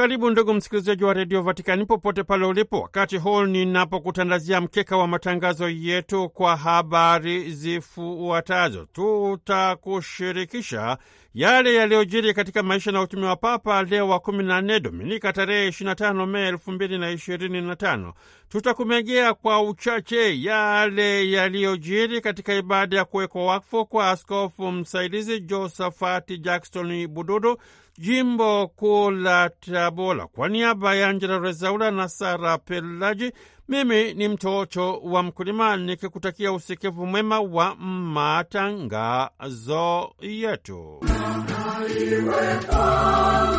Karibu ndugu msikilizaji wa redio Vatikani popote pale ulipo, wakati huu ninapokutandazia mkeka wa matangazo yetu kwa habari zifuatazo. Tutakushirikisha yale yaliyojiri katika maisha na utumi wa Papa Leo wa 14 Dominika tarehe 25 Mei 2025. Tutakumegea kwa uchache yale yaliyojiri katika ibada ya kuwekwa wakfu kwa askofu msaidizi Josafati Jackson Bududu jimbo kuu la Tabora. Kwa niaba ya Angela Rezaula na Sara Pelaji, mimi ni mtoto wa mkulima nikikutakia usikivu mwema wa matangazo yetu. Iwe kama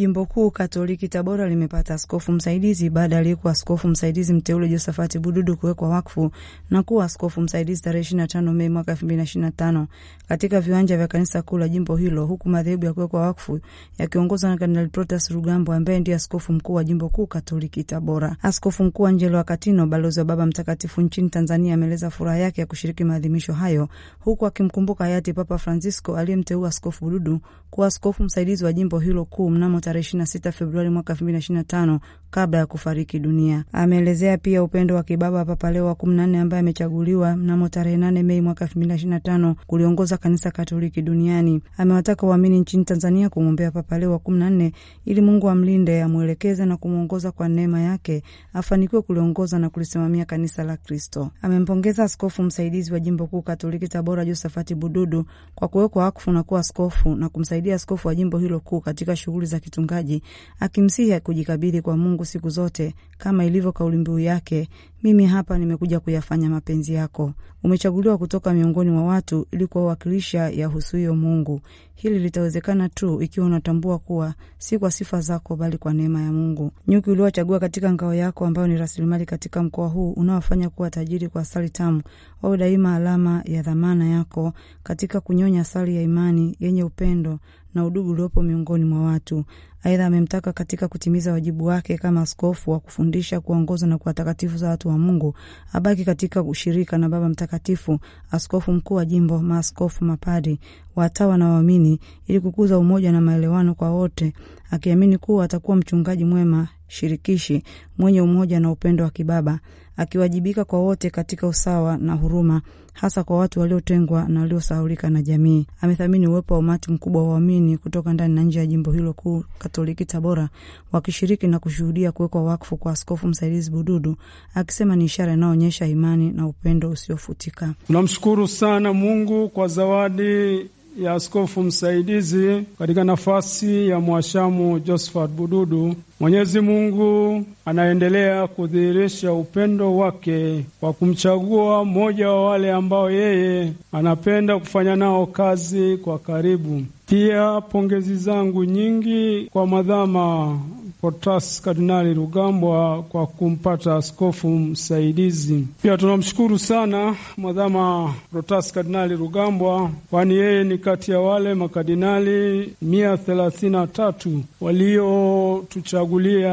Jimbo Kuu Katoliki Tabora limepata askofu msaidizi baada ya aliyekuwa askofu msaidizi mteule Josafati Bududu kuwekwa wakfu na kuwa askofu msaidizi tarehe 25 Mei mwaka 2025 katika viwanja vya kanisa kuu la jimbo hilo, huku madhehebu ya kuwekwa wakfu yakiongozwa na Kardinali Protas Rugambo ambaye ndiye askofu mkuu wa Jimbo Kuu Katoliki Tabora. Askofu mkuu Angelo Akatino, balozi wa Baba Mtakatifu nchini Tanzania, ameeleza furaha yake ya kushiriki maadhimisho hayo huku akimkumbuka hayati Papa Francisco aliyemteua askofu Bududu kuwa askofu msaidizi wa jimbo hilo kuu mnamo tarehe 26 Februari mwaka 2025 kabla ya kufariki dunia. Ameelezea pia upendo wa kibaba Papa Leo wa 14 ambaye amechaguliwa mnamo tarehe 8 Mei mwaka 2025 kuliongoza kanisa Katoliki duniani. Amewataka waamini nchini Tanzania kumwombea Papa Leo wa 14 ili Mungu amlinde, amwelekeze na kumwongoza kwa neema yake, afanikiwe kuliongoza na kulisimamia kanisa la Kristo. Amempongeza askofu msaidizi wa jimbo kuu Katoliki Tabora Josafati Bududu kwa kuwekwa wakfu na kuwa askofu na kumsaidia askofu wa jimbo hilo kuu katika shughuli za kitu mchungaji akimsihi kujikabidhi kwa Mungu siku zote kama ilivyo kauli mbiu yake, mimi hapa nimekuja kuyafanya mapenzi yako. Umechaguliwa kutoka miongoni mwa watu ili kuwawakilisha yahusuyo Mungu. Hili litawezekana tu ikiwa unatambua kuwa si kwa sifa zako, bali kwa neema ya Mungu. Nyuki uliowachagua katika ngao yako, ambayo ni rasilimali katika mkoa huu unaofanya kuwa tajiri kwa asali tamu, wawe daima alama ya dhamana yako katika kunyonya asali ya imani yenye upendo na udugu uliopo miongoni mwa watu. Aidha, amemtaka katika kutimiza wajibu wake kama askofu wa kufundisha, kuongoza na za watu wa Mungu, abaki katika ushirika na Baba Mtakatifu, askofu mkuu wa jimbo, maaskofu, mapadi, watawa na waamini, ili kukuza umoja na maelewano kwa wote, akiamini kuwa atakuwa mchungaji mwema shirikishi mwenye umoja na upendo wa kibaba akiwajibika kwa wote katika usawa na huruma, hasa kwa watu waliotengwa na waliosahaulika na jamii. Amethamini uwepo wa umati mkubwa wa waamini kutoka ndani na nje ya jimbo hilo kuu Katoliki Tabora, wakishiriki na kushuhudia kuwekwa wakfu kwa Askofu Msaidizi Bududu, akisema ni ishara inayoonyesha imani na upendo usiofutika. namshukuru sana Mungu kwa zawadi ya askofu msaidizi katika nafasi ya mwashamu Josephat Bududu. Mwenyezi Mungu anaendelea kudhihirisha upendo wake kwa kumchagua mmoja wa wale ambao yeye anapenda kufanya nao kazi kwa karibu. Pia pongezi zangu nyingi kwa madhama protas Kardinali Rugambwa kwa kumpata askofu msaidizi. Pia tunamshukuru sana mwadhama Protas Kardinali Rugambwa, kwani yeye ni kati ya wale makardinali mia thelathini na tatu waliotuchagulia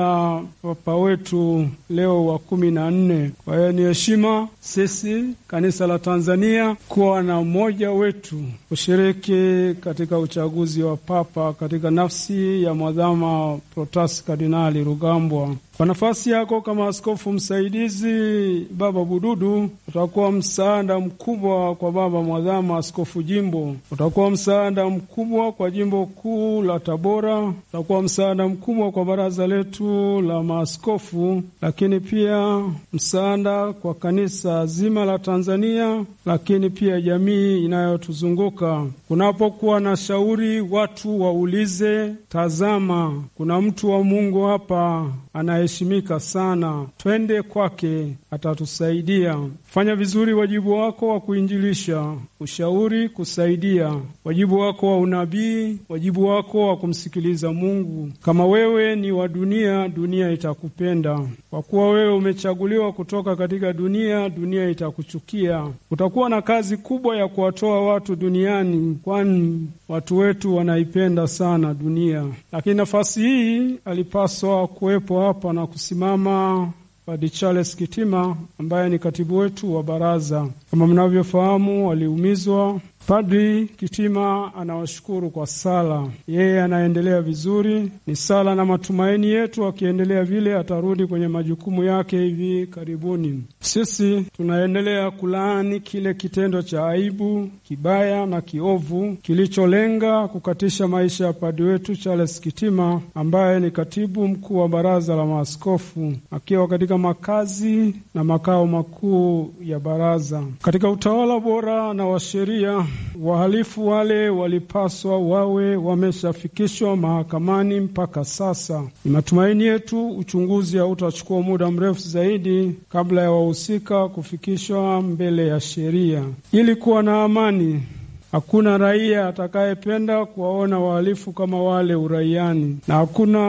papa wetu Leo wa kumi na nne. Kwa hiyo ni heshima sisi kanisa la Tanzania kuwa na mmoja wetu kushiriki katika uchaguzi wa papa katika nafsi ya mwadhama Protas Kardinali Rugambwa kwa nafasi yako kama askofu msaidizi Baba Bududu, utakuwa msaada mkubwa kwa Baba Mwadhama askofu jimbo, utakuwa msaada mkubwa kwa jimbo kuu la Tabora, utakuwa msaada mkubwa kwa baraza letu la maaskofu, lakini pia msaada kwa kanisa zima la Tanzania, lakini pia jamii inayotuzunguka. Kunapokuwa na shauri, watu waulize, tazama, kuna mtu wa Mungu hapa anaye anaheshimika sana, twende kwake atatusaidia fanya vizuri wajibu wako wa kuinjilisha, ushauri, kusaidia, wajibu wako wa unabii, wajibu wako wa kumsikiliza Mungu. Kama wewe ni wa dunia, dunia itakupenda. Kwa kuwa wewe umechaguliwa kutoka katika dunia, dunia itakuchukia. Utakuwa na kazi kubwa ya kuwatoa watu duniani, kwani watu wetu wanaipenda sana dunia. Lakini nafasi hii alipaswa kuwepo hapa na kusimama Padi Charles Kitima ambaye ni katibu wetu wa baraza. Kama mnavyofahamu, waliumizwa. Padri Kitima anawashukuru kwa sala, yeye anaendelea vizuri. Ni sala na matumaini yetu, akiendelea vile atarudi kwenye majukumu yake hivi karibuni. Sisi tunaendelea kulaani kile kitendo cha aibu, kibaya na kiovu kilicholenga kukatisha maisha ya padri wetu Charles Kitima ambaye ni katibu mkuu wa baraza la maaskofu, akiwa katika makazi na makao makuu ya baraza. Katika utawala bora na wa sheria, wahalifu wale walipaswa wawe wameshafikishwa mahakamani mpaka sasa. Ni matumaini yetu uchunguzi hautachukua muda mrefu zaidi kabla ya wahusika kufikishwa mbele ya sheria ili kuwa na amani Hakuna raia atakayependa kuwaona wahalifu kama wale uraiani, na hakuna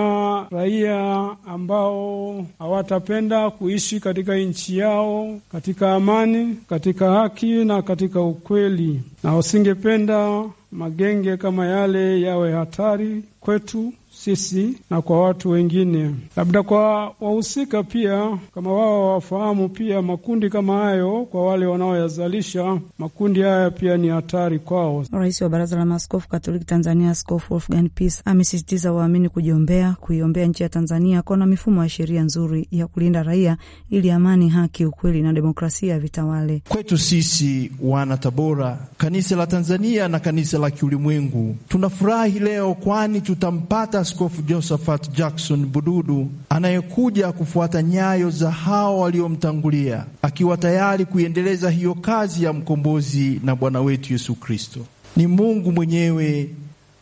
raia ambao hawatapenda kuishi katika nchi yao katika amani, katika haki na katika ukweli, na wasingependa magenge kama yale yawe hatari kwetu sisi na kwa watu wengine, labda kwa wahusika pia, kama wao wafahamu pia makundi kama hayo, kwa wale wanaoyazalisha makundi haya pia ni hatari kwao. Rais wa Baraza la Maaskofu Katoliki Tanzania, Askofu Wolfgang Peace amesisitiza waamini kujiombea, kuiombea nchi ya Tanzania kuwa na mifumo ya sheria nzuri ya kulinda raia, ili amani, haki, ukweli na demokrasia vitawale. Kwetu sisi wana Tabora, kanisa la Tanzania na kanisa la kiulimwengu, tunafurahi leo, kwani tutampata hata Askofu Josephat Jackson Bududu anayekuja kufuata nyayo za hao waliomtangulia, akiwa tayari kuiendeleza hiyo kazi ya mkombozi na Bwana wetu Yesu Kristo. Ni Mungu mwenyewe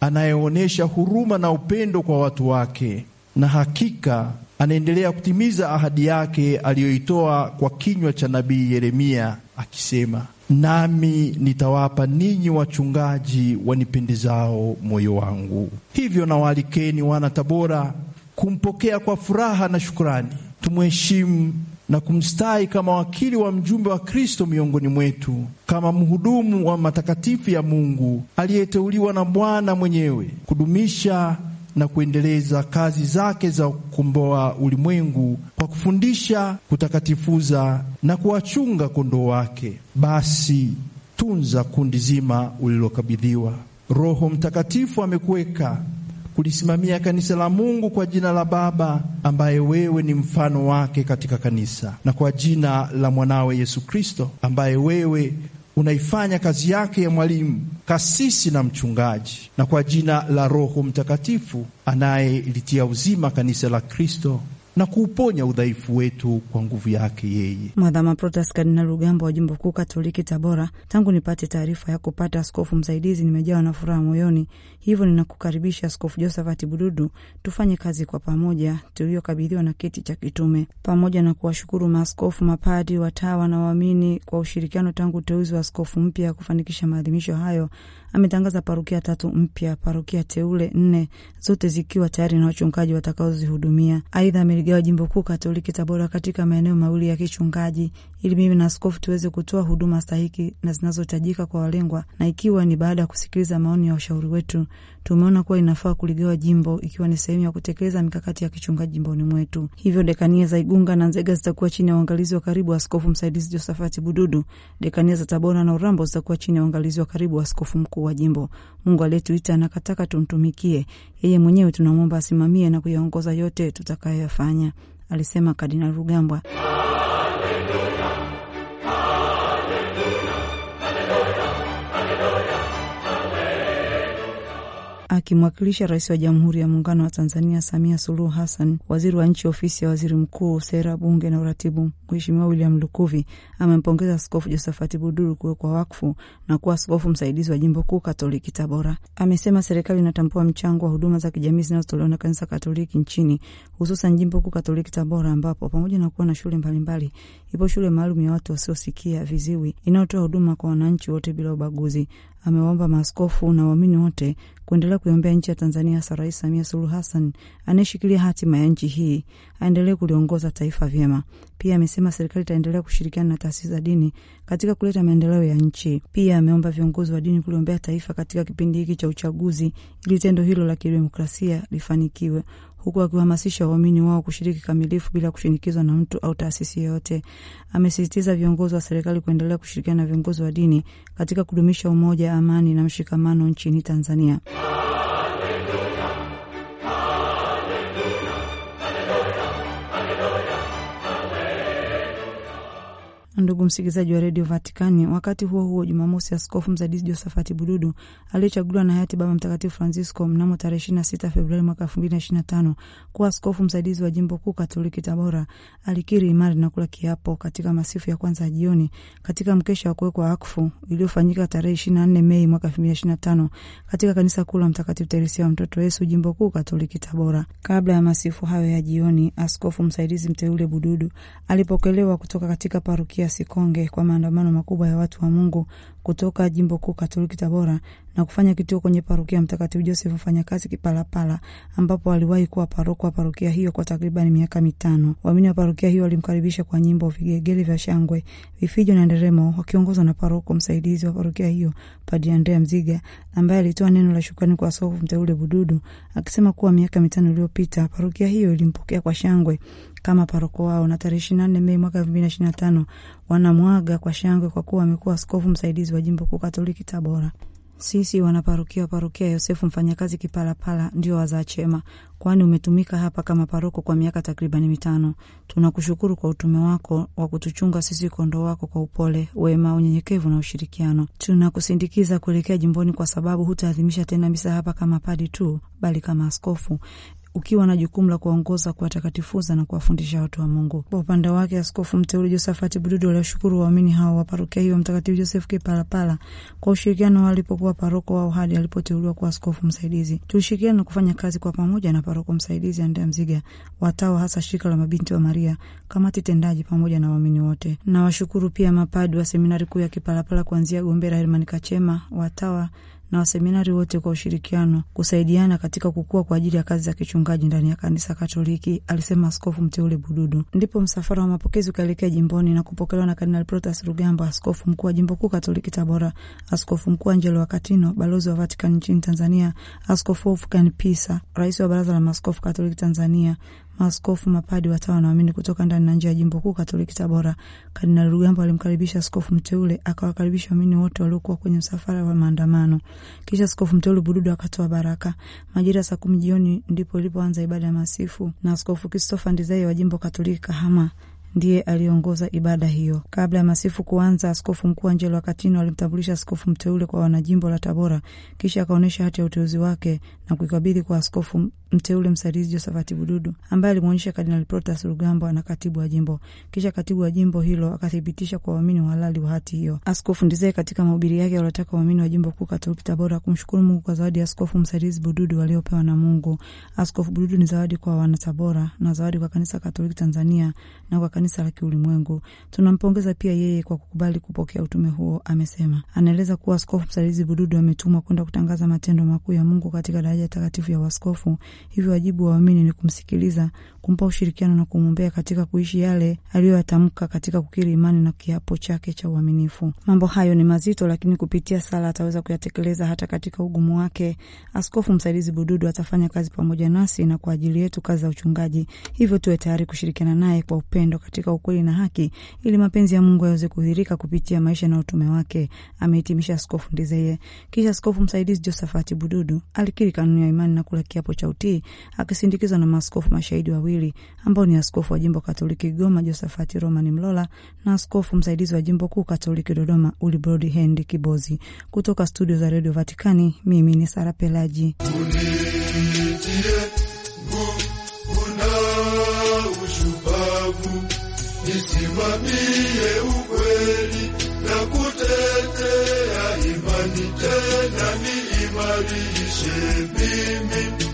anayeonyesha huruma na upendo kwa watu wake, na hakika anaendelea kutimiza ahadi yake aliyoitoa kwa kinywa cha nabii Yeremia akisema nami nitawapa ninyi wachungaji wanipendezao moyo wangu. Hivyo nawalikeni wana Tabora kumpokea kwa furaha na shukrani. Tumheshimu na kumstahi kama wakili wa mjumbe wa Kristo miongoni mwetu, kama mhudumu wa matakatifu ya Mungu aliyeteuliwa na Bwana mwenyewe kudumisha na kuendeleza kazi zake za kukomboa ulimwengu kwa kufundisha, kutakatifuza na kuwachunga kondoo wake. Basi tunza kundi zima ulilokabidhiwa. Roho Mtakatifu amekuweka kulisimamia kanisa la Mungu kwa jina la Baba ambaye wewe ni mfano wake katika kanisa, na kwa jina la mwanawe Yesu Kristo ambaye wewe unaifanya kazi yake ya mwalimu kasisi na mchungaji, na kwa jina la Roho Mtakatifu anayelitia uzima kanisa la Kristo na kuuponya udhaifu wetu kwa nguvu yake yeye. Mwadhama Protas Kardinal Rugambo wa Jimbo Kuu Katoliki Tabora, tangu nipate taarifa ya kupata askofu msaidizi nimejawa na furaha moyoni, hivyo ninakukaribisha Askofu Josephat Bududu, tufanye kazi kwa pamoja tuliyokabidhiwa na kiti cha kitume, pamoja na kuwashukuru maaskofu, mapadi, watawa na waamini kwa ushirikiano tangu uteuzi wa askofu mpya kufanikisha maadhimisho hayo ametangaza parokia tatu mpya, parokia teule nne, zote zikiwa tayari na wachungaji watakaozihudumia. Aidha, ameligawa jimbo kuu katoliki Tabora katika maeneo mawili ya kichungaji, ili mimi na askofu tuweze kutoa huduma stahiki na zinazohitajika kwa walengwa, na ikiwa ni baada ya kusikiliza maoni ya ushauri wetu, tumeona kuwa inafaa kuligawa jimbo ikiwa ni sehemu ya kutekeleza mikakati ya kichungaji jimboni mwetu. Hivyo dekania za Igunga na Nzega zitakuwa chini ya uangalizi wa karibu wa askofu msaidizi Josafati Bududu. Dekania za Tabora na Urambo zitakuwa chini ya uangalizi wa karibu wa askofu mkuu wa jimbo. Mungu aliyetuita anakataka tumtumikie yeye mwenyewe, tunamwomba asimamie na kuyaongoza yote tutakayoyafanya, alisema Kardinali Rugambwa. akimwakilisha Rais wa Jamhuri ya Muungano wa Tanzania Samia Suluhu Hassan, waziri wa nchi ofisi ya waziri mkuu, sera, bunge na uratibu, Mheshimiwa William Lukuvi amempongeza Askofu Josafati Buduru kuwekwa wakfu na kuwa askofu msaidizi wa jimbo kuu Katoliki Tabora. Amesema serikali inatambua mchango wa huduma za kijamii zinazotolewa na kanisa Katoliki nchini, hususan jimbo kuu Katoliki Tabora, ambapo pamoja na kuwa na shule mbalimbali, ipo shule maalum ya watu wasiosikia viziwi inayotoa huduma kwa wananchi wote bila ubaguzi amewaomba maaskofu na waamini wote kuendelea kuiombea nchi ya Tanzania, hasa Rais Samia Suluhu Hassan anayeshikilia hatima ya nchi hii aendelee kuliongoza taifa vyema. Pia amesema serikali itaendelea kushirikiana na taasisi za dini katika kuleta maendeleo ya nchi. Pia ameomba viongozi wa dini kuliombea taifa katika kipindi hiki cha uchaguzi ili tendo hilo la kidemokrasia lifanikiwe huku akiwahamasisha waumini wao kushiriki kamilifu bila kushinikizwa na mtu au taasisi yoyote. Amesisitiza viongozi wa serikali kuendelea kushirikiana na viongozi wa dini katika kudumisha umoja, amani na mshikamano nchini Tanzania. Ndugu msikilizaji wa redio Vatikani, wakati huo huo, Jumamosi, askofu msaidizi Josafati Bududu aliyechaguliwa na hayati Baba Mtakatifu Francisco mnamo tarehe 26 Februari mwaka 2025 kuwa askofu msaidizi wa jimbo kuu Katoliki Tabora alikiri imani na kula kiapo katika masifu ya kwanza ya jioni katika mkesha wa kuwekwa wakfu iliyofanyika tarehe 24 Mei mwaka 2025 katika kanisa kuu la Mtakatifu Teresia wa Mtoto Yesu, jimbo kuu Katoliki Tabora. Kabla ya masifu hayo ya jioni, askofu msaidizi mteule Bududu alipokelewa kutoka katika parokia Sikonge kwa maandamano makubwa ya watu wa Mungu kutoka jimbo kuu Katoliki Tabora na kufanya kituo kwenye parokia Mtakatifu Joseph Mfanyakazi Kipalapala, ambapo aliwahi kuwa paroko wa parokia hiyo kwa takriban miaka mitano. Waamini wa parokia hiyo walimkaribisha kwa nyimbo, vigegele vya shangwe, vifijo na nderemo, wakiongozwa na paroko msaidizi wa parokia hiyo Padre Andrea Mziga, ambaye alitoa neno la shukrani kwa askofu mteule Bududu akisema kuwa miaka mitano iliyopita parokia hiyo ilimpokea kwa shangwe kama paroko wao na tarehe 24 Mei mwaka 2025 wanamwaga kwa shangwe kwa kuwa amekuwa askofu msaidizi wa jimbo kuu Katoliki Tabora. Sisi wanaparokia wa parokia Yosefu Mfanyakazi Kipalapala ndio wazaa chema, kwani umetumika hapa kama paroko kwa miaka takribani mitano. Tunakushukuru kwa utume wako wa kutuchunga sisi kondoo wako kwa upole, wema, unyenyekevu na ushirikiano. Tunakusindikiza kuelekea jimboni, kwa sababu hutaadhimisha tena misa hapa kama padi tu, bali kama askofu ukiwa na jukumu la kuwaongoza, kuwatakatifuza na kuwafundisha watu wa Mungu. Kwa upande wake, askofu mteule Josafati Bududu aliwashukuru waamini hao wa parokia hiyo Mtakatifu Joseph Kipalapala kwa ushirikiano wao alipokuwa paroko wao hadi alipoteuliwa kuwa askofu msaidizi. Tulishirikiana na kufanya kazi kwa pamoja na paroko msaidizi Andrea Mziga, watawa hasa shirika la mabinti wa Maria, kamati tendaji pamoja na waamini wote. Nawashukuru pia mapadi wa seminari kuu ya Kipalapala kuanzia Gombera Herman Kachema, watawa na waseminari wote kwa ushirikiano kusaidiana katika kukua kwa ajili ya kazi za kichungaji ndani ya kanisa Katoliki, alisema askofu mteule Bududu. Ndipo msafara wa mapokezi ukaelekea jimboni na kupokelewa na Kardinali Protas Rugamba, askofu mkuu wa jimbo kuu Katoliki Tabora, askofu mkuu Angelo Wakatino, balozi wa Vatican nchini Tanzania, askofu Ofkan Pisa, rais wa baraza la maskofu Katoliki Tanzania, Maaskofu, mapadi, watawa na waamini kutoka ndani na nje ya jimbo kuu Katoliki Tabora. Kardinali Rugambwa alimkaribisha askofu mteule, akawakaribisha waamini wote waliokuwa kwenye msafara wa maandamano. Kisha askofu mteule Bududu akatoa baraka. Majira saa kumi jioni ndipo ilipoanza ibada ya masifu, na askofu Christopher Ndizai wa jimbo Katoliki Kahama ndiye aliongoza ibada hiyo. Kabla ya masifu kuanza, askofu mkuu Angelo Wakatino alimtambulisha askofu mteule kwa wanajimbo la Tabora, kisha akaonyesha hati ya uteuzi wake na kuikabidhi kwa askofu mteule msaidizi Josephat Bududu ambaye alimwonyesha Kardinali Protas Rugambwa na katibu wa jimbo, kisha katibu wa jimbo hilo akathibitisha kwa waamini uhalali wa hati hiyo. Askofu Ndizee katika mahubiri yake aliwataka waamini wa jimbo kuu Katoliki Tabora kumshukuru Mungu kwa zawadi ya askofu msaidizi Bududu waliopewa na Mungu. Askofu Bududu ni zawadi kwa wanatabora na zawadi kwa kanisa Katoliki Tanzania na kwa kanisa la kiulimwengu. Tunampongeza pia yeye kwa kukubali kupokea utume huo, amesema. Anaeleza kuwa askofu msaidizi Bududu ametumwa kwenda kutangaza matendo makuu ya Mungu katika daraja takatifu ya waskofu Hivyo wajibu waamini ni kumsikiliza kumpa ushirikiano na kumwombea katika kuishi yale aliyoyatamka katika kukiri imani na kiapo chake cha uaminifu. Mambo hayo ni mazito, lakini kupitia sala ataweza kuyatekeleza hata katika ugumu wake. Askofu msaidizi Bududu atafanya kazi pamoja nasi na kwa ajili yetu kazi za uchungaji, hivyo tuwe tayari kushirikiana naye kwa upendo katika ukweli na haki, ili mapenzi ya Mungu yaweze kudhirika kupitia maisha na utume wake, amehitimisha Askofu Ndizeye. Kisha askofu msaidizi Josafati Bududu alikiri kanuni ya imani na kula kiapo cha utii akisindikizwa na maaskofu mashahidi wawili wawili ambao ni askofu wa jimbo Katoliki Kigoma Josafati Roman Mlola na askofu msaidizi wa jimbo kuu Katoliki Dodoma Ulibrod Hendi Kibozi. Kutoka studio za redio Vatikani, mimi ni Sara Pelaji. Nisimamie ukweli na kutetea imani, tena niimarishe mimi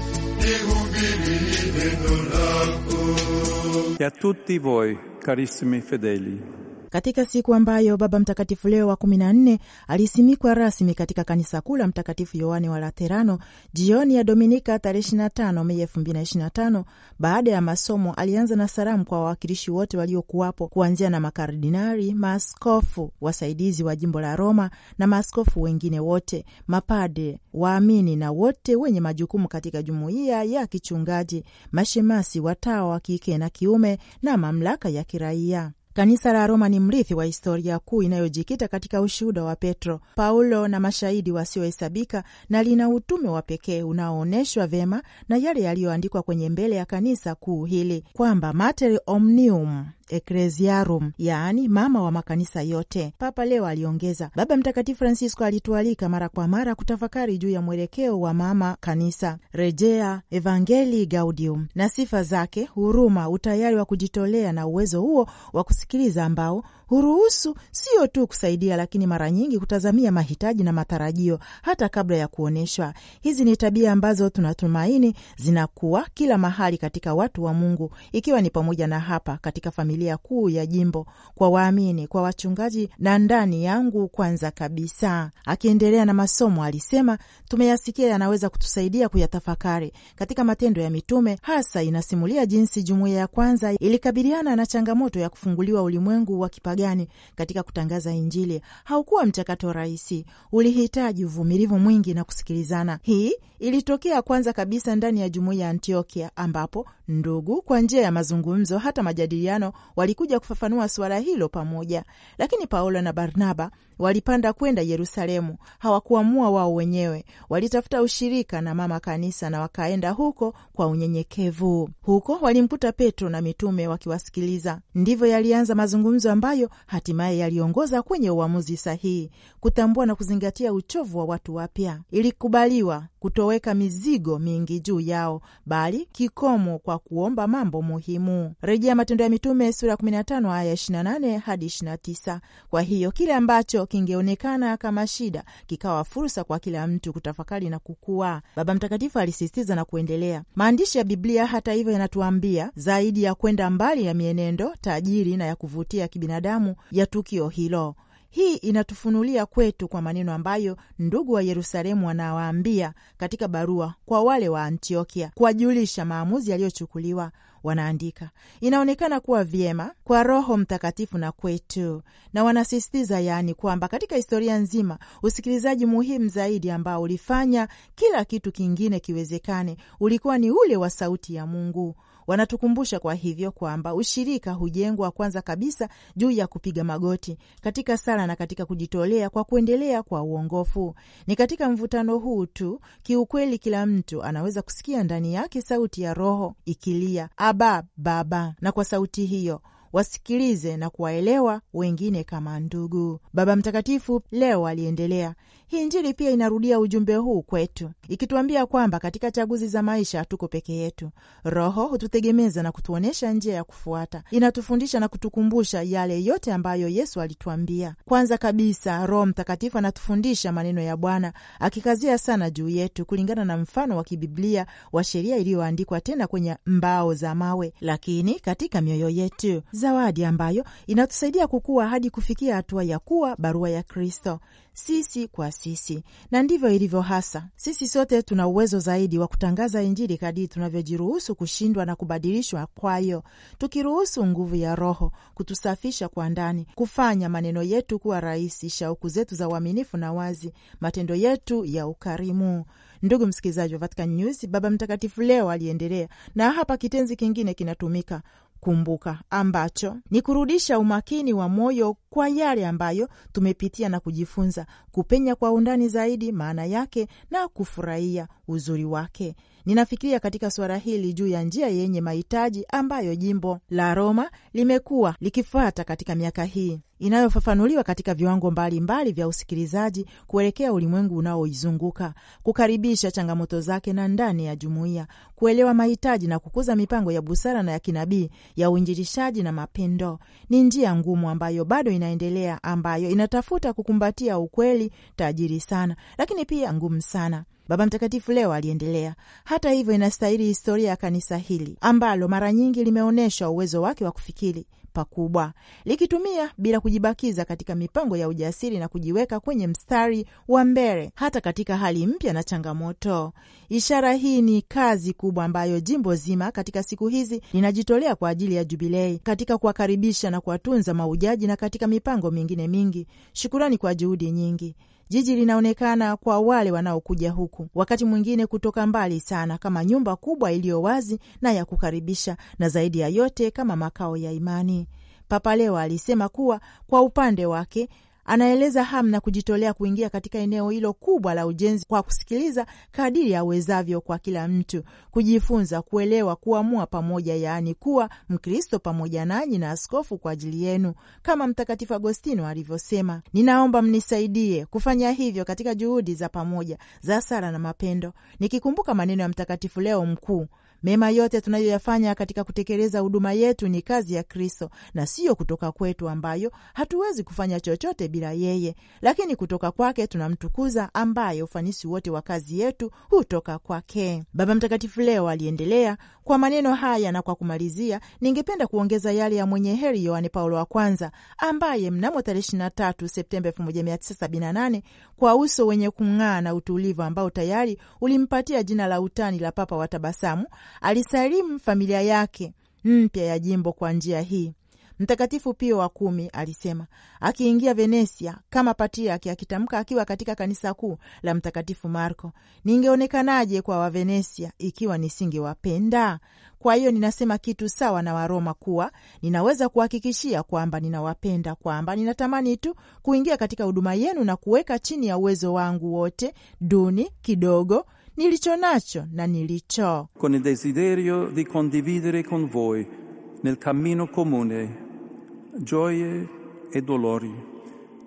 e a tutti voi, carissimi fedeli. katika siku ambayo Baba Mtakatifu Leo wa kumi na nne alisimikwa rasmi katika kanisa kuu la Mtakatifu Yohane wa Laterano jioni ya Dominika tarehe 25 Mei 2025. Baada ya masomo, alianza na salamu kwa wawakilishi wote waliokuwapo kuanzia na makardinari, maaskofu wasaidizi wa jimbo la Roma na maaskofu wengine wote, mapade, waamini na wote wenye majukumu katika jumuiya ya kichungaji, mashemasi, watawa wa kike na kiume na mamlaka ya kiraia. Kanisa la Roma ni mrithi wa historia kuu inayojikita katika ushuhuda wa Petro, Paulo na mashahidi wasiohesabika, na lina utume wa pekee unaoonyeshwa vema na yale yaliyoandikwa kwenye mbele ya kanisa kuu hili kwamba Mater Omnium Ecclesiarum, yaani mama wa makanisa yote. Papa leo aliongeza, Baba Mtakatifu Francisco alitualika mara kwa mara kutafakari juu ya mwelekeo wa mama kanisa, rejea Evangelii Gaudium, na sifa zake, huruma, utayari wa kujitolea na uwezo huo wa kusikiliza ambao huruhusu sio tu kusaidia, lakini mara nyingi kutazamia mahitaji na matarajio hata kabla ya kuonyeshwa. Hizi ni tabia ambazo tunatumaini zinakuwa kila mahali katika watu wa Mungu, ikiwa ni pamoja na hapa katika familia kuu ya jimbo, kwa waamini, kwa wachungaji na ndani yangu kwanza kabisa. Akiendelea na masomo alisema, tumeyasikia yanaweza kutusaidia kuyatafakari. Katika Matendo ya Mitume hasa inasimulia jinsi jumuiya ya kwanza ilikabiliana na changamoto ya kufunguliwa ulimwengu wa kipagani gani katika kutangaza Injili haukuwa mchakato rahisi, ulihitaji uvumilivu mwingi na kusikilizana. Hii ilitokea kwanza kabisa ndani ya jumuiya ya Antiokia, ambapo ndugu, kwa njia ya mazungumzo, hata majadiliano, walikuja kufafanua suala hilo pamoja. Lakini Paulo na Barnaba walipanda kwenda Yerusalemu. Hawakuamua wao wenyewe, walitafuta ushirika na mama kanisa na wakaenda huko kwa unyenyekevu. Huko walimkuta Petro na mitume wakiwasikiliza. Ndivyo yalianza mazungumzo ambayo hatimaye yaliongoza kwenye uamuzi sahihi. Kutambua na kuzingatia uchovu wa watu wapya, ilikubaliwa kutoweka mizigo mingi juu yao, bali kikomo kwa kuomba mambo muhimu. Rejea Matendo ya Mitume sura 15 aya 28 hadi 29. Kwa hiyo kile ambacho kingeonekana kama shida kikawa fursa kwa kila mtu kutafakari na kukua, Baba Mtakatifu alisisitiza na kuendelea. Maandishi ya Biblia hata hivyo yanatuambia zaidi ya kwenda mbali ya mienendo tajiri na ya kuvutia kibinadamu damu ya tukio hilo. Hii inatufunulia kwetu kwa maneno ambayo ndugu wa Yerusalemu wanawaambia katika barua kwa wale wa Antiokia, kuwajulisha maamuzi yaliyochukuliwa. Wanaandika, inaonekana kuwa vyema kwa Roho Mtakatifu na kwetu, na wanasisitiza yaani kwamba katika historia nzima usikilizaji muhimu zaidi ambao ulifanya kila kitu kingine kiwezekane ulikuwa ni ule wa sauti ya Mungu, Wanatukumbusha kwa hivyo kwamba ushirika hujengwa kwanza kabisa juu ya kupiga magoti katika sala na katika kujitolea kwa kuendelea kwa uongofu. Ni katika mvutano huu tu kiukweli kila mtu anaweza kusikia ndani yake sauti ya Roho ikilia Aba, Baba, na kwa sauti hiyo wasikilize na kuwaelewa wengine kama ndugu. Baba Mtakatifu leo aliendelea. Hii Injili pia inarudia ujumbe huu kwetu, ikituambia kwamba katika chaguzi za maisha hatuko peke yetu. Roho hututegemeza na kutuonyesha njia ya kufuata, inatufundisha na kutukumbusha yale yote ambayo Yesu alituambia. Kwanza kabisa, Roho Mtakatifu anatufundisha maneno ya Bwana, akikazia sana juu yetu kulingana na mfano wa kibiblia wa sheria iliyoandikwa tena kwenye mbao za mawe, lakini katika mioyo yetu zawadi ambayo inatusaidia kukua hadi kufikia hatua ya kuwa barua ya Kristo sisi kwa sisi, na ndivyo ilivyo hasa. Sisi sote tuna uwezo zaidi wa kutangaza Injili kadiri tunavyojiruhusu kushindwa na kubadilishwa kwayo, tukiruhusu nguvu ya Roho kutusafisha kwa ndani, kufanya maneno yetu kuwa rahisi, shauku zetu za uaminifu na wazi, matendo yetu ya ukarimu. Ndugu msikilizaji wa Vatican News, Baba Mtakatifu leo aliendelea na hapa, kitenzi kingine kinatumika kumbuka, ambacho ni kurudisha umakini wa moyo kwa yale ambayo tumepitia na kujifunza, kupenya kwa undani zaidi maana yake na kufurahia uzuri wake. Ninafikiria katika suala hili juu ya njia yenye mahitaji ambayo jimbo la Roma limekuwa likifuata katika miaka hii inayofafanuliwa katika viwango mbalimbali mbali vya usikilizaji kuelekea ulimwengu unaoizunguka, kukaribisha changamoto zake na ndani ya jumuiya, kuelewa mahitaji na kukuza mipango ya busara na ya kinabii ya uinjilishaji na mapendo. Ni njia ngumu ambayo bado inaendelea, ambayo inatafuta kukumbatia ukweli tajiri sana, lakini pia ngumu sana. Baba Mtakatifu leo aliendelea. Hata hivyo, inastahili historia ya kanisa hili ambalo mara nyingi limeonyesha uwezo wake wa kufikiri pakubwa likitumia bila kujibakiza katika mipango ya ujasiri na kujiweka kwenye mstari wa mbele hata katika hali mpya na changamoto. Ishara hii ni kazi kubwa ambayo jimbo zima katika siku hizi linajitolea kwa ajili ya Jubilei katika kuwakaribisha na kuwatunza maujaji na katika mipango mingine mingi. Shukurani kwa juhudi nyingi Jiji linaonekana kwa wale wanaokuja huku, wakati mwingine kutoka mbali sana, kama nyumba kubwa iliyo wazi na ya kukaribisha, na zaidi ya yote kama makao ya imani. Papa leo alisema kuwa kwa upande wake Anaeleza hamu na kujitolea kuingia katika eneo hilo kubwa la ujenzi kwa kusikiliza kadiri awezavyo kwa kila mtu, kujifunza, kuelewa, kuamua pamoja, yaani kuwa Mkristo pamoja nanyi na askofu kwa ajili yenu, kama Mtakatifu Agostino alivyosema: ninaomba mnisaidie kufanya hivyo katika juhudi za pamoja za sala na mapendo, nikikumbuka maneno ya Mtakatifu Leo Mkuu Mema yote tunayoyafanya katika kutekeleza huduma yetu ni kazi ya Kristo na siyo kutoka kwetu, ambayo hatuwezi kufanya chochote bila yeye, lakini kutoka kwake tunamtukuza, ambaye ufanisi wote wa kazi yetu hutoka kwake. Baba Mtakatifu leo aliendelea kwa maneno haya, na kwa kumalizia, ningependa kuongeza yale ya mwenye heri Yohane Paulo wa kwanza ambaye mnamo tarehe 23 Septemba 1978 kwa uso wenye kung'aa na utulivu ambao tayari ulimpatia jina la utani la Papa wa tabasamu alisalimu familia yake mpya ya jimbo kwa njia hii. Mtakatifu Pio wa Kumi alisema akiingia Venesia kama patriaki, akitamka akiwa katika kanisa kuu la Mtakatifu Marko, ningeonekanaje kwa Wavenesia ikiwa nisingewapenda? Kwa hiyo ninasema kitu sawa na Waroma kuwa ninaweza kuhakikishia kwamba ninawapenda, kwamba ninatamani tu kuingia katika huduma yenu na kuweka chini ya uwezo wangu wote duni kidogo nilicho nacho na nilicho. Con il desiderio di condividere con voi nel cammino comune gioie e dolori.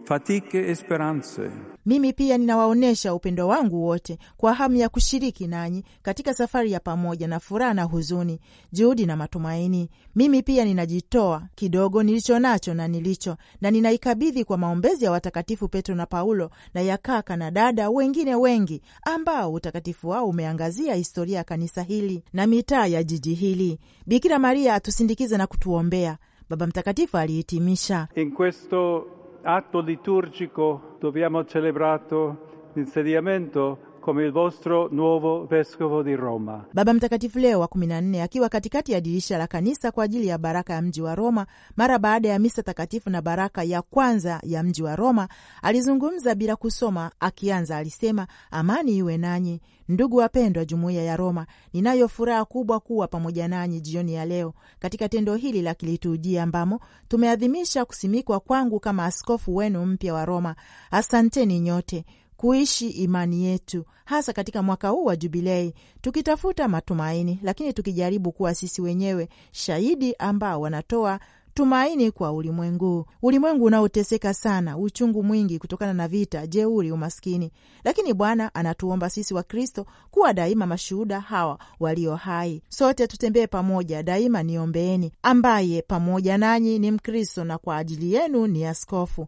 Fatike Esperance. Mimi pia ninawaonyesha upendo wangu wote kwa hamu ya kushiriki nanyi katika safari ya pamoja na furaha na huzuni, juhudi na matumaini. Mimi pia ninajitoa kidogo nilicho nacho na nilicho na ninaikabidhi kwa maombezi ya watakatifu Petro na Paulo na ya kaka na dada wengine wengi ambao utakatifu wao umeangazia historia ya kanisa hili na mitaa ya jiji hili. Bikira Maria atusindikize na kutuombea, Baba Mtakatifu alihitimisha In questo atto liturgico dove abbiamo celebrato l'insediamento come il vostro nuovo vescovo di Roma. Baba Mtakatifu Leo wa 14 akiwa katikati ya dirisha la kanisa kwa ajili ya baraka ya mji wa Roma mara baada ya misa takatifu na baraka ya kwanza ya mji wa Roma alizungumza bila kusoma. Akianza alisema, amani iwe nanyi ndugu wapendwa, jumuiya ya Roma, ninayo furaha kubwa kuwa pamoja nanyi jioni ya leo katika tendo hili la kiliturujia ambamo tumeadhimisha kusimikwa kwangu kama askofu wenu mpya wa Roma. Asanteni nyote kuishi imani yetu, hasa katika mwaka huu wa Jubilei, tukitafuta matumaini, lakini tukijaribu kuwa sisi wenyewe shahidi ambao wanatoa tumaini kwa ulimwengu, ulimwengu unaoteseka sana, uchungu mwingi kutokana na vita, jeuri, umaskini. Lakini Bwana anatuomba sisi wa Kristo kuwa daima mashuhuda hawa walio hai. Sote tutembee pamoja daima. Niombeeni ambaye pamoja nanyi ni Mkristo na kwa ajili yenu ni askofu.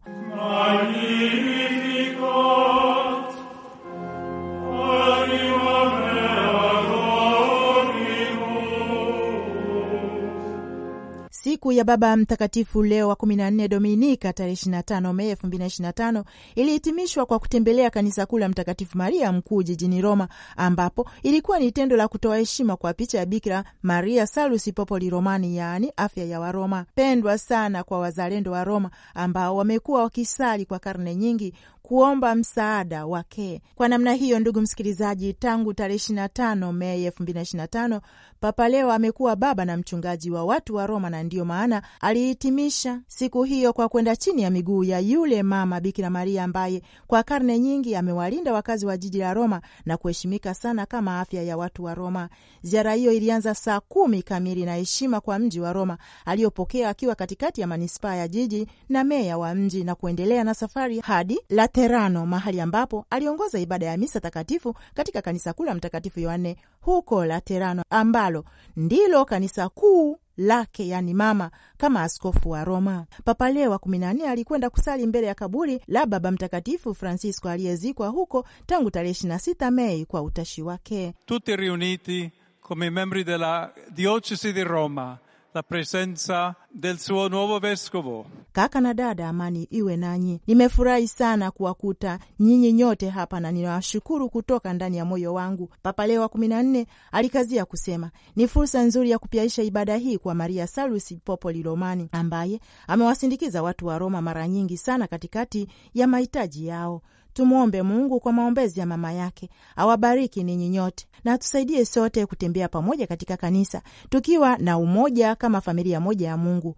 siku ya Baba Mtakatifu Leo wa 14 Dominika tarehe 25 Mei 2025 ilihitimishwa kwa kutembelea kanisa kuu la Mtakatifu Maria Mkuu jijini Roma, ambapo ilikuwa ni tendo la kutoa heshima kwa picha ya Bikira Maria Salus Popoli Romani, yaani afya ya Waroma, pendwa sana kwa wazalendo wa Roma ambao wamekuwa wakisali kwa karne nyingi kuomba msaada wake. Kwa namna hiyo, ndugu msikilizaji, tangu tarehe 25 Mei 2025 Papa Leo amekuwa baba na mchungaji wa watu wa Roma, na ndiyo maana alihitimisha siku hiyo kwa kwenda chini ya miguu ya yule mama Bikira Maria ambaye kwa karne nyingi amewalinda wakazi wa jiji la Roma na kuheshimika sana kama afya ya watu wa Roma. Ziara hiyo ilianza saa kumi kamili na heshima kwa mji wa Roma aliyopokea akiwa katikati ya manispaa ya jiji na meya wa mji na kuendelea na safari hadi Latin Laterano, mahali ambapo aliongoza ibada ya misa takatifu katika kanisa kuu la Mtakatifu Yohane huko Laterano, ambalo ndilo kanisa kuu lake yani mama kama askofu wa Roma. Papa Leo wa kumi alikwenda kusali mbele ya kaburi la Baba Mtakatifu Francisco aliyezikwa huko tangu tarehe 26 Mei kwa utashi wake. Tutti riuniti come membri della diocesi di Roma la presenza del suo nuovo vescovo. Kaka na dada, amani iwe nanyi. Nimefurahi sana kuwakuta nyinyi nyote hapa na ninawashukuru kutoka ndani ya moyo wangu. Papa Leo wa kumi na nne alikazia kusema ni fursa nzuri ya kupiaisha ibada hii kwa Maria Salus Popoli Romani, ambaye amewasindikiza watu wa Roma mara nyingi sana katikati ya mahitaji yao. Tumwombe Mungu kwa maombezi ya mama yake awabariki ninyi nyote na atusaidie sote kutembea pamoja katika kanisa tukiwa na umoja kama familia moja ya Mungu.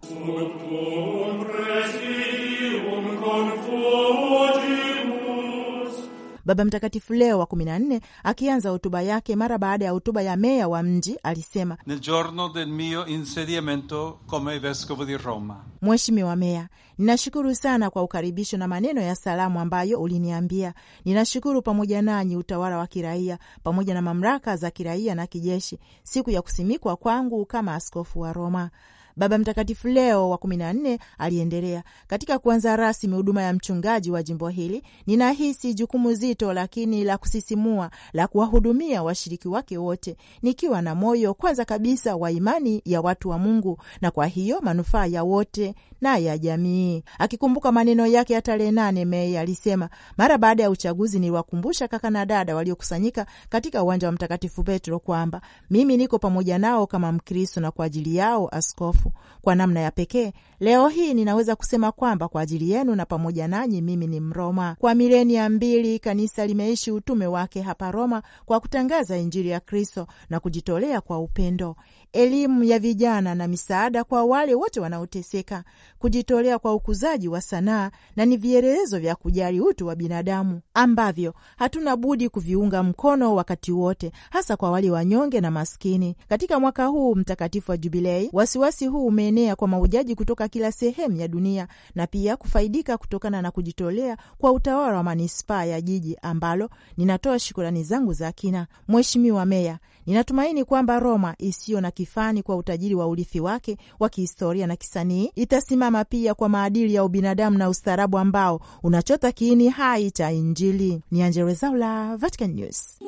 Baba Mtakatifu Leo wa kumi na nne akianza hotuba yake mara baada ya hotuba ya meya wa mji alisema, nel giorno del mio insediamento come vescovo di Roma. Mheshimiwa Meya, ninashukuru sana kwa ukaribisho na maneno ya salamu ambayo uliniambia. Ninashukuru pamoja nanyi utawala wa kiraia pamoja na mamlaka za kiraia na kijeshi, siku ya kusimikwa kwangu kama askofu wa Roma. Baba Mtakatifu Leo wa kumi na nne aliendelea, katika kuanza rasmi huduma ya mchungaji wa jimbo hili, ninahisi jukumu zito lakini la kusisimua la kuwahudumia washiriki wake wote, nikiwa na moyo kwanza kabisa wa imani ya watu wa Mungu na kwa hiyo manufaa ya wote na ya jamii. Akikumbuka maneno yake ya tarehe nane Mei alisema, mara baada ya uchaguzi niliwakumbusha kaka na dada waliokusanyika katika uwanja wa Mtakatifu Petro kwamba mimi niko pamoja nao kama Mkristo na kwa ajili yao askofu Mtakatifu. Kwa namna ya pekee, leo hii ninaweza kusema kwamba kwa ajili yenu na pamoja nanyi, mimi ni Mroma. Kwa milenia mbili kanisa limeishi utume wake hapa Roma kwa kutangaza Injili ya Kristo na kujitolea kwa upendo, elimu ya vijana na misaada kwa wale wote wanaoteseka, kujitolea kwa ukuzaji wa sanaa, na ni vielelezo vya kujali utu wa binadamu ambavyo hatuna budi kuviunga mkono wakati wote, hasa kwa wale wanyonge na maskini. Katika mwaka huu mtakatifu wa Jubilei, wasiwasi huu umeenea kwa mahujaji kutoka kila sehemu ya dunia na pia kufaidika kutokana na kujitolea kwa utawala wa manispaa ya jiji ambalo ninatoa shukurani zangu za kina. Mheshimiwa Meya, ninatumaini kwamba Roma isiyo na kifani kwa utajiri wa urithi wake wa kihistoria na kisanii itasimama pia kwa maadili ya ubinadamu na ustaarabu ambao unachota kiini hai cha Injili. Ni Angella Rwezaula, Vatican News.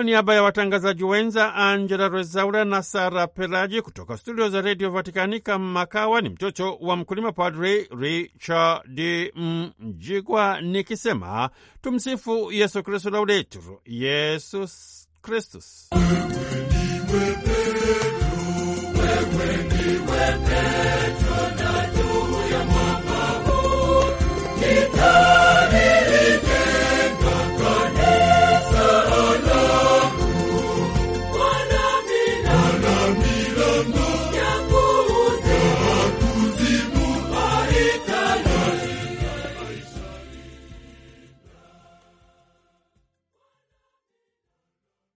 Kwa niaba ya watangazaji wenza Angela Rezaura na Sara Peraji kutoka studio za redio Vatikani, kamakawa ni mtoto wa mkulima Padri Richard Mjigwa nikisema tumsifu Yesu Kristu, laudetur Yesus Kristus.